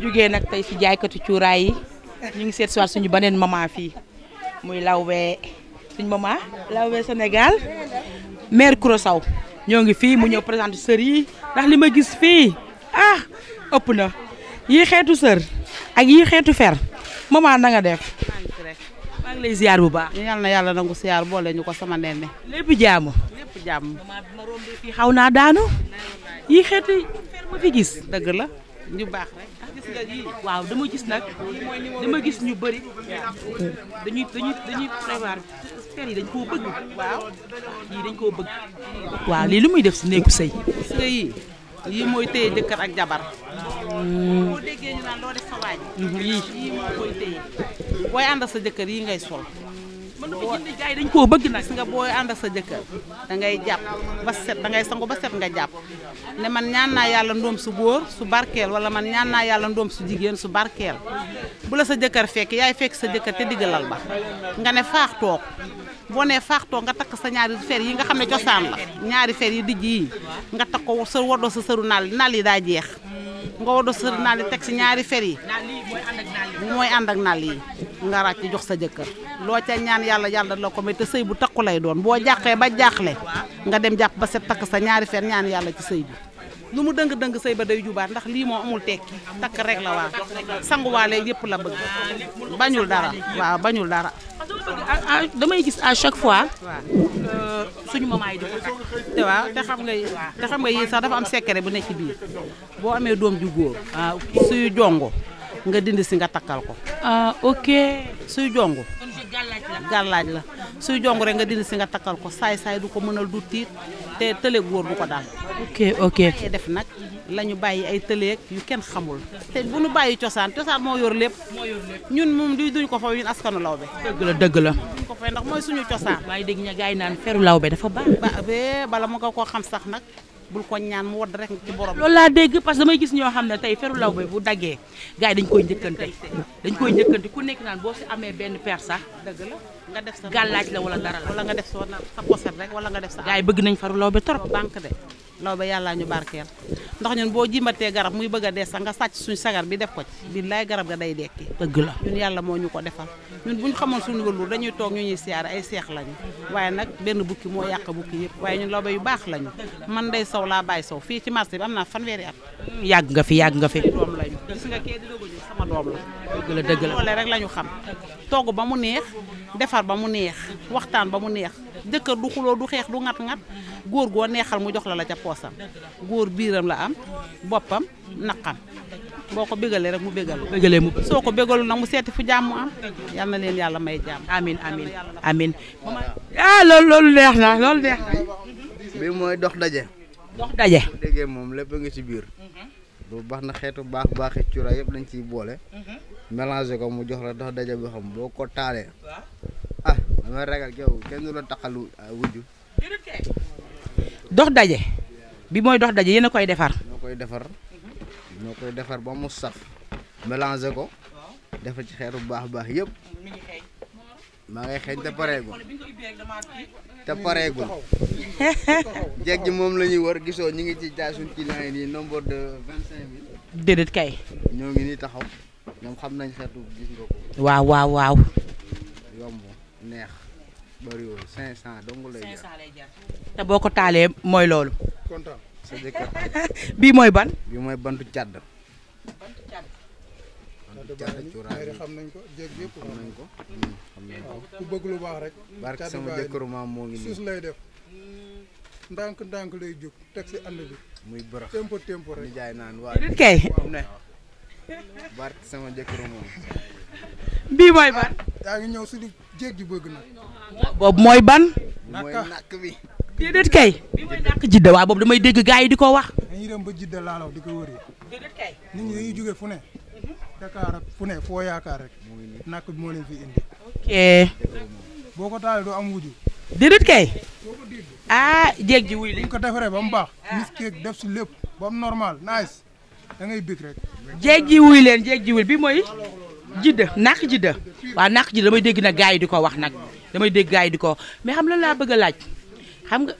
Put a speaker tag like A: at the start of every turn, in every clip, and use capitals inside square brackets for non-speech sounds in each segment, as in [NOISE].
A: jugee nag tey si jaaykatu cuuraay yi ñu ngi seet si waat suñu beneen maman fii muy Lawbe suñu maman Lawbe Sénégal mère Koura Sow ñoo ngi fii mu ñëw présenté sër yi ndax li ma gis fii ah ëpp na yii xeetu sër ak yii xeetu fer maman nanga def. maa ngi bu baax. ñu ñaan na yàlla nangu ziar boole ñu ko sama nenne. lépp jaamu. lépp jaamu. maman xaw naa daanu. yii xeetu fer gis. dëgg la ñu baax rek. waaw dama gis nag dama gis ñu bëri dañuy dañuy dañuy yi dañ koo bëgg waaw dañ koo bëgg waaw lii lu muy def si néegu sëy sëy yi lii mooy téye jëkkër ak jabar hmm. boo déggee ñu sa waaj yii mhm. yii mooy koy ànd sa jëkkër yi ngay sol mën dañ koo bëgg nag. gis nga booy ànd ak sa jëkkër da ngay jàpp ba set da ngay sangu ba set nga jàpp ne man ñaan naa yàlla ndoom su góor su barkeel wala man ñaan naa yàlla ndoom su jigéen su barkeel bu la sa jëkkër fekk yaay fekk sa jëkkër te diggalal ba nga ne faax toog boo ne faax toog nga takk sa ñaari fer yi nga xam ne cosaan la ñaari fer yi dijj yi nga takk ko sa wadoo sa sëru naal naal yi daa jeex nga wadoo sa sëru naal yi teg si ñaari fer yi mooy ànd yi nga ràcc jox sa jëkkër loo ca ñaan yàlla yàlla la ko may te sëy bu takku lay doon boo jàqee ba jaaxle nga dem jàpp ba set takk sa ñaari feer ñaan yàlla ci sëy bi lu mu dëng dëng sëy ba day jubaat ndax lii moo amul tekki takk rek la waa sanguwaale yëpp la bëgg bañul dara waaw bañul dara. Ah, damay gis à chaque fois. Euh, suñu maman yi di ko takk. te waaw te xam nga te xam nga yii sax dafa am secret bu nekk ci biir boo amee doom ju góor. waaw ah, suy jongo nga dind si nga takkal ko. Ah, ok. suy jongu gàllaaj la suy jongu rek nga dind si nga takkal ko saay saay du ko mënal du tiit te tële góor bu ko daal. ok ok def nag la ñu bàyyi ay tëleeg yu kenn xamul. te bu ñu bàyyi cosaan cosaan moo yor lépp. ñun moom di duñ ko fa ñun askanu lawbe. dëgg la dëgg la. duñ ko fay ndax mooy suñu cosaan. waaye dégg nga gars yi naan feru lawbe dafa baax. ba bala ma ko koo xam sax nag. bul ko ñaan mu wadd rek ci laa dégg parce que damay gis ñoo xam ne tey feru law bi bu daggee gars yi dañ koy njëkkante dañ koy njëkkante ku nekk naan boo si amee benn per sax dëgg la nga def sa gàllaaj la wala dara la wala nga def sa sa poset rek wala nga def sa gars bëgg nañ faru law bi trop banque de law ba yàllaa ñu barkeel ndax ñun boo jimbatee garab muy bëgg a dee sax nga sàcc suñ sagar bi def ko ci billaay garab ga day dekki dëgg la ñun yàlla moo ñu ko defal ñun ñu xamoon suñu wëllu dañuy toog ñu ñuy siyaare ay seex lañu waaye nag benn bukki moo yàq bukki yëpp waaye ñun law yu baax lañu man day saw laa bàyyi saw fii ci marché bi am naa fanweeri am yàgg nga fi yàgg nga fi doom lañu gis nga kee di sama la dëgg la dëgg la rek lañu xam togg ba mu neex defar ba mu neex waxtaan ba mu neex jëkkër du xuloo du xeex du ngat-ngat góor goo neexal mu jox la la ca poosam góor biiram la am boppam naqam boo ko bégalee rek mu bégal soo ko bégalu nag mu seeti fu jàmm am yal na leen yàlla may jàmm amin amin amin ah loolu loolu neex na na bi mooy dox daje dox daje déggee moom lépp nga ci
B: biir bu mhm.
A: baax na xeetu baax baaxi cuuraay yëpp dañ ciy boole mhm. mélangé ko mu jox la ndox daja bi xam boo ko taalee ah damay ragal yow kenn du la taxal ah, wujju dox daje bi mooy dox daje yéen a koy defar ñoo koy defar ñoo koy defar ba mu saf mélangé ko defar ci xeetu baax baax yëpp
B: maa ngay xeeñ te pareegul te pareegul jeeg [LAUGHS] ji moom la ñuy war gisoo ñu ngi ci jaay suñu client yi nii nombre de vingt cinq mille
A: déedéet kay
B: ñoo ngi nii taxaw ñoom xam nañ xeetu ko.
A: waaw waaw waaw. neex neex bëriwul 500 dong lay jar. te boo ko taalee mooy loolu. kontaan
B: sa jëkkër. [LAUGHS] bii
A: mooy ban. bii mooy bantu càdd. bantu
B: càdd. xam nañ ko jéeg nañ ko. xam rek. barke sama jëkkëru moo ngi nii suus lay def. Mm. ndànk ndànk lay jóg teg si ànd bi. muy bërëx tempo tempo rek. jaay naan kay. barke sama jëkkër moom.
A: bii ban. yaa ngi ñëw suñu
B: jéeg ji bëgg na. boobu mooy ban. mooy nàkk bi.
A: déedéet kay. bii mooy nàkk jidda waaw boobu damay dégg gars yi di ko wax.
B: dañuy ba jidda laalaw di ko wëri. déedéet kay. nit ñi dañuy jóge fu ne. Mhm. Dakar ak fu ne foo yaakaar rek. nàkk bi moo leen fi indi. ok. boo ko taalee doo am wuju. déedéet kay. ah jéeg ji wuy li ko defaree ba mu baax. Ah. miski def si lépp ba mu normal nice. da ngay bëgg rek. jéeg ji wuy leen jéeg ji wuy bi mooy jidda naq jidda waaw naq
A: jidda damay dégg nag gars yi di ko wax nag damay dégg gars di ko wax mais xam la laa bëgg a laaj xam nga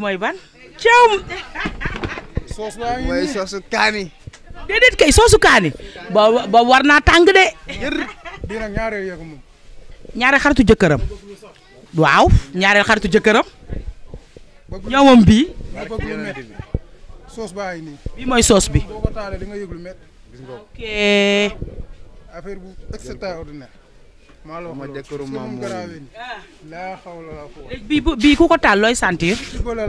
A: mooy ban cawm
B: soos naa mooy soosu
A: kaani déedéet kay soosu kaani ba war naa tàng de bii ñaareel xaritu jëkkëram waaw ñaareel xaritu jëkkëram ñoomam bii
B: soos baa ngi nii. bii mooy soos bi. bu extraordinaire. maa la wax loolu ma garaawee
A: nii. bii ku ko taal looy sentir.
B: na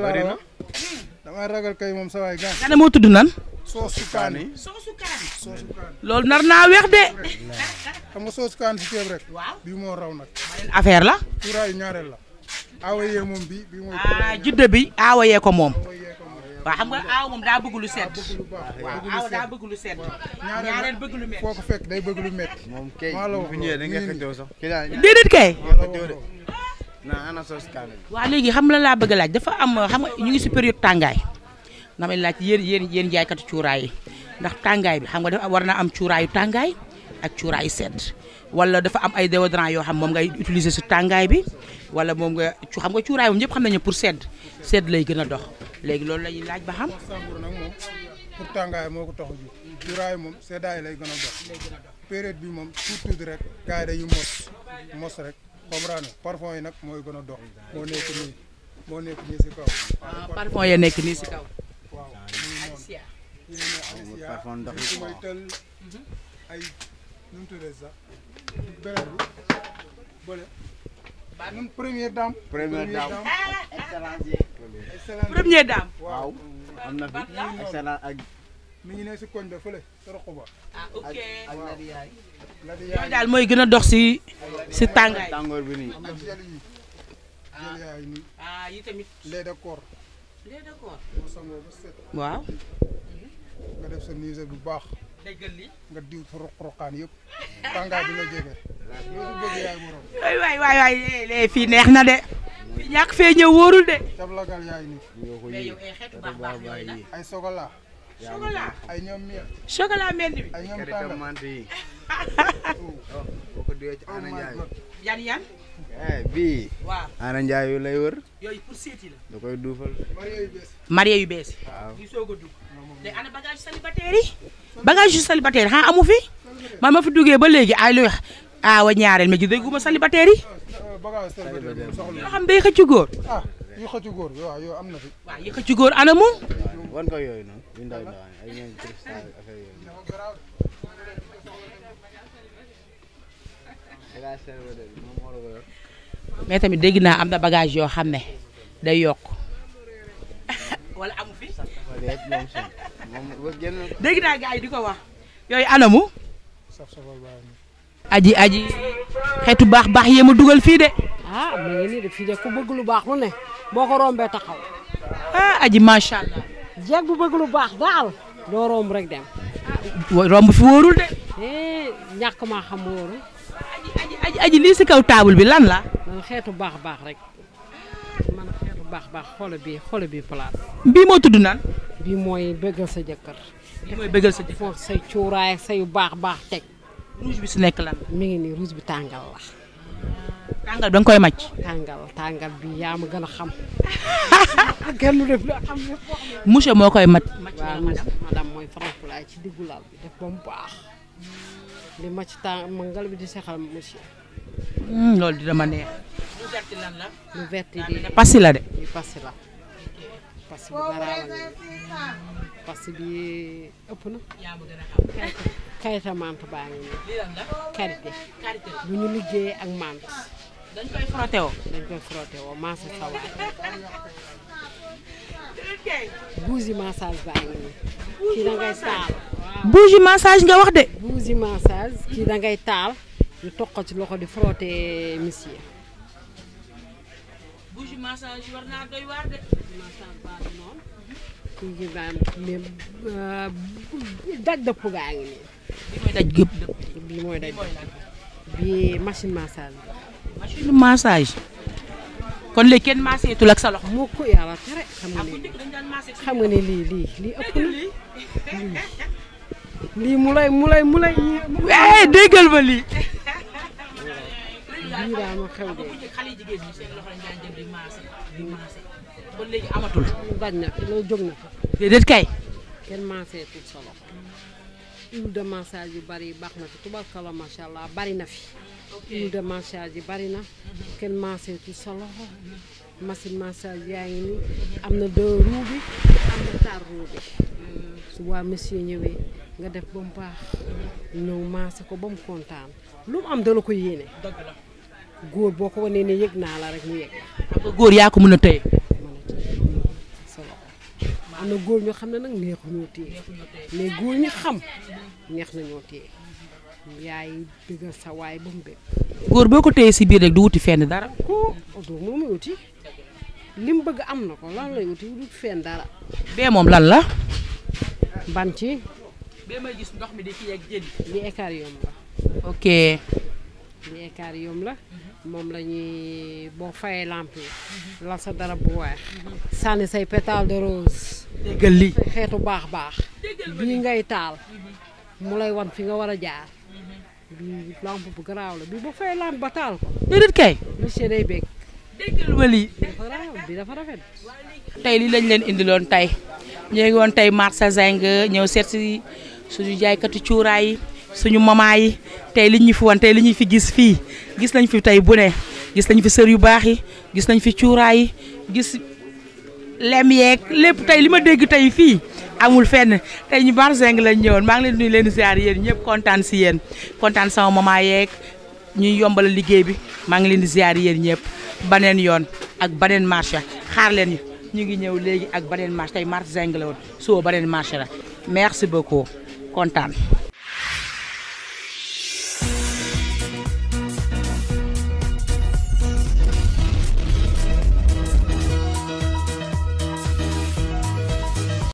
B: damay ragal kay moom sa nga ne
A: loolu nar naa weex de.
B: xam nga soosu kaani si ceeb rek. bii moo raw nag. affaire la. tuuraayu ñaareel moom bii bii mooy. ah
A: jidde bi ko moom. waaw xam nga aaw moom daa bëgg lu bëgg lu sedd.
B: ñaareel bëgg lu métti foo bëgg lu métti. moom kay bu ñëwee da nga xëccoo sax. déedéet kay. léegi xam
A: la laa bëgg laaj dafa am xam nga ñu ngi si période tàngaay. may laaj yéen yéen yéen jaaykatu cuuraay yi ndax tàngaay bi xam nga dafa war na am cuuraayu tàngaay ak cuuraayu sedd. wala dafa am ay déodorant yoo xam moom ngay utiliser si tàngaay bi wala moom nga xam nga cuuraay moom ñëpp xam nañu pour sedd sedd lay gën a dox léegi loolu
B: la laaj ba xam. pour tàngaay moo ko tax a jóg. cuuraay moom seddaay lay gën a dox. période bi moom surtout rek gars yi dañuy mos mos rek comprendre parfum yi nag mooy gën a dox moo nekk nii moo si kaw. ah ya nekk nii si kaw. Ah, première dame. waaw am na fi excellence ak. mi ngi ne si koñ ba fële sa roq ba. ah ok ak daal mooy gën a dox si si tàngaay. tàngoor bi nii. Ah. ah yi tamit. lait de corps. lait de corps. waaw. nga def sa nuisé bu baax. nga diw sa roq-roqaan yëpp tàngaay bi nga jege. [LAUGHS] loolu bëgg waay waay waay eh, eh, fii neex na de.
A: ñàkk fee ñëw wóorul de. ay
B: eh, xeetu baax baax yooyu mel ni bi. ay ñoom tàngal mante yi. [LAUGHS] Oh, oh eh, bii. Ana Ndiaye lay wër. la. da koy duufal. marié yu bees. waaw
A: ñu soog a dugg. yi. bagage yu célibataire xaa amu fi. man ma fi duggee ba léegi ay lu wax ah ñaareel ma ji dégguma célibataire
B: nga xam day xëcc góor. ah yi xëcc góor bi waaw yi xëcc ana mu. wan yooyu noonu yu ndaw
A: tamit dégg naa am na bagage yoo xam ne day yokk [LAUGHS] dégg naa gars di ko wax yooyu anamu aji aji xeetu baax baax ma dugal fii de.
C: ah mu ngi nii de fii de ku bëgg lu baax lu ne boo ko rombee taxaw. ah aji macha allah. jeeg bu bëgg lu baax daal doo romb rek dem.
A: romb fi wóorul de.
C: Eh, ñàkk maa xam wóorul. aji aji aji lii
A: si kaw taabul bi lan la.
C: man xeetu baax baax rek man xeetu baax baax xoola bii xoola bii palaat.
A: bii moo tudd naan.
C: bii mooy bëggal sa jëkkër. bii mooy bëggal sa jëkkër. say cuuraay say baax baax teg. rouge bi si nekk la mi ngi nii rouge bi tàngal la.
A: tàngal da nga koy macc
C: tàngal tàngal bi yaa ma gën a xam. [LAUGHS] kenn moo koy mat. waaw mooy faram-fulaay ci diggu laal bi def ba mu baax. li màcc tàng bi di sexal monsieur.
A: Hmm, loolu dina ma neex.
C: lu vert lan la. lu vert di passi la de. di la. passi bi ëpp na. a karité mante baa ngi nii karité bu ñu liggéeyee ak mante
B: dañ koy frotté woo dañ koy
C: frotté woo massage sawaar bougie massage baa ngi nii kii da ngay taal bougie massage nga wax de bougie massage kii da taal ñu toq ci loxo di frotté monsieur
A: bougie massage baa
C: ngi nii euh, bi mooy daj gépp bi mooy daj bi machine massage
A: machine massage
C: kon léegi kenn maaseetul ak sa loxo moo ko yàlla tere xam nga ne xam nga ne lii lii lii ëpp na lii mu lay mu lay mu lay wee eh, déggal ma lii lii daa ma xew de ba léegi amatul bañ na loolu jóg na déedéet kay kenn maaseetul sa loxo huile de massage yu bari baax na fi tubarkalla macha allah bari na fi. huile de massage yi bari na. kenn masseetu sa loxo. machine massage yaa ngi nii am na deux roues am na quatre roues su waa monsieur ñëwee nga def ba mu baax. ñëw maase ko ba mu kontaan lu mu am dala ko yéene. góor boo ko wanee ne yëg naa la rek mu yëg.
A: góor yaa ko mun a téye.
C: am na góor ñoo xam ne nag neexuñoo téye mais góor ñi xam neex nañoo téye yaay dëggal sa ba mu bépp góor boo ko
A: téye si biir rek du wuti fenn dara
C: ko doo moom muy wuti li mu bëgg am na ko lan lay wuti fenn dara
A: bee moom lan la
C: ban ci bee may gis ndox mi di la ok Ikarium la moom la boo fayee lamp yi lal sa darab bu weex sànni say pétale de rose déggal lii xeetu baax baax bii ngay taal mhm. mu lay wan fi nga war a jaar bi lamp bu garaaw la bi boo fayee lamp ba taal ko déedéet kay monsieur day lii bi dafa rafet
A: tey lii lañ leen indiloon tey ñu ngi woon tey marché ñëw seet suñu jaaykatu cuuraay suñu mama yi tey li ñu fi woon tey li ñu fi gis fii gis nañ fi tey bu ne gis nañ fi sër yu baax yi gis nañ fi cuuraay yi gis lem yeeg lépp tey li ma dégg tey fii amul fenn tey ñu Barzeng lañ ñëwoon maa ngi leen nuyu leen siyaar yéen ñëpp kontaan si yéen kontaan sama mama yeeg ñuy yombala liggéey bi maa ngi leen di ziar yéen ñëpp baneen yoon ak baneen marché xaar leen ñu ngi ñëw léegi ak baneen marché tey marché zeng la woon baneen marché la merci beaucoup
C: kontaan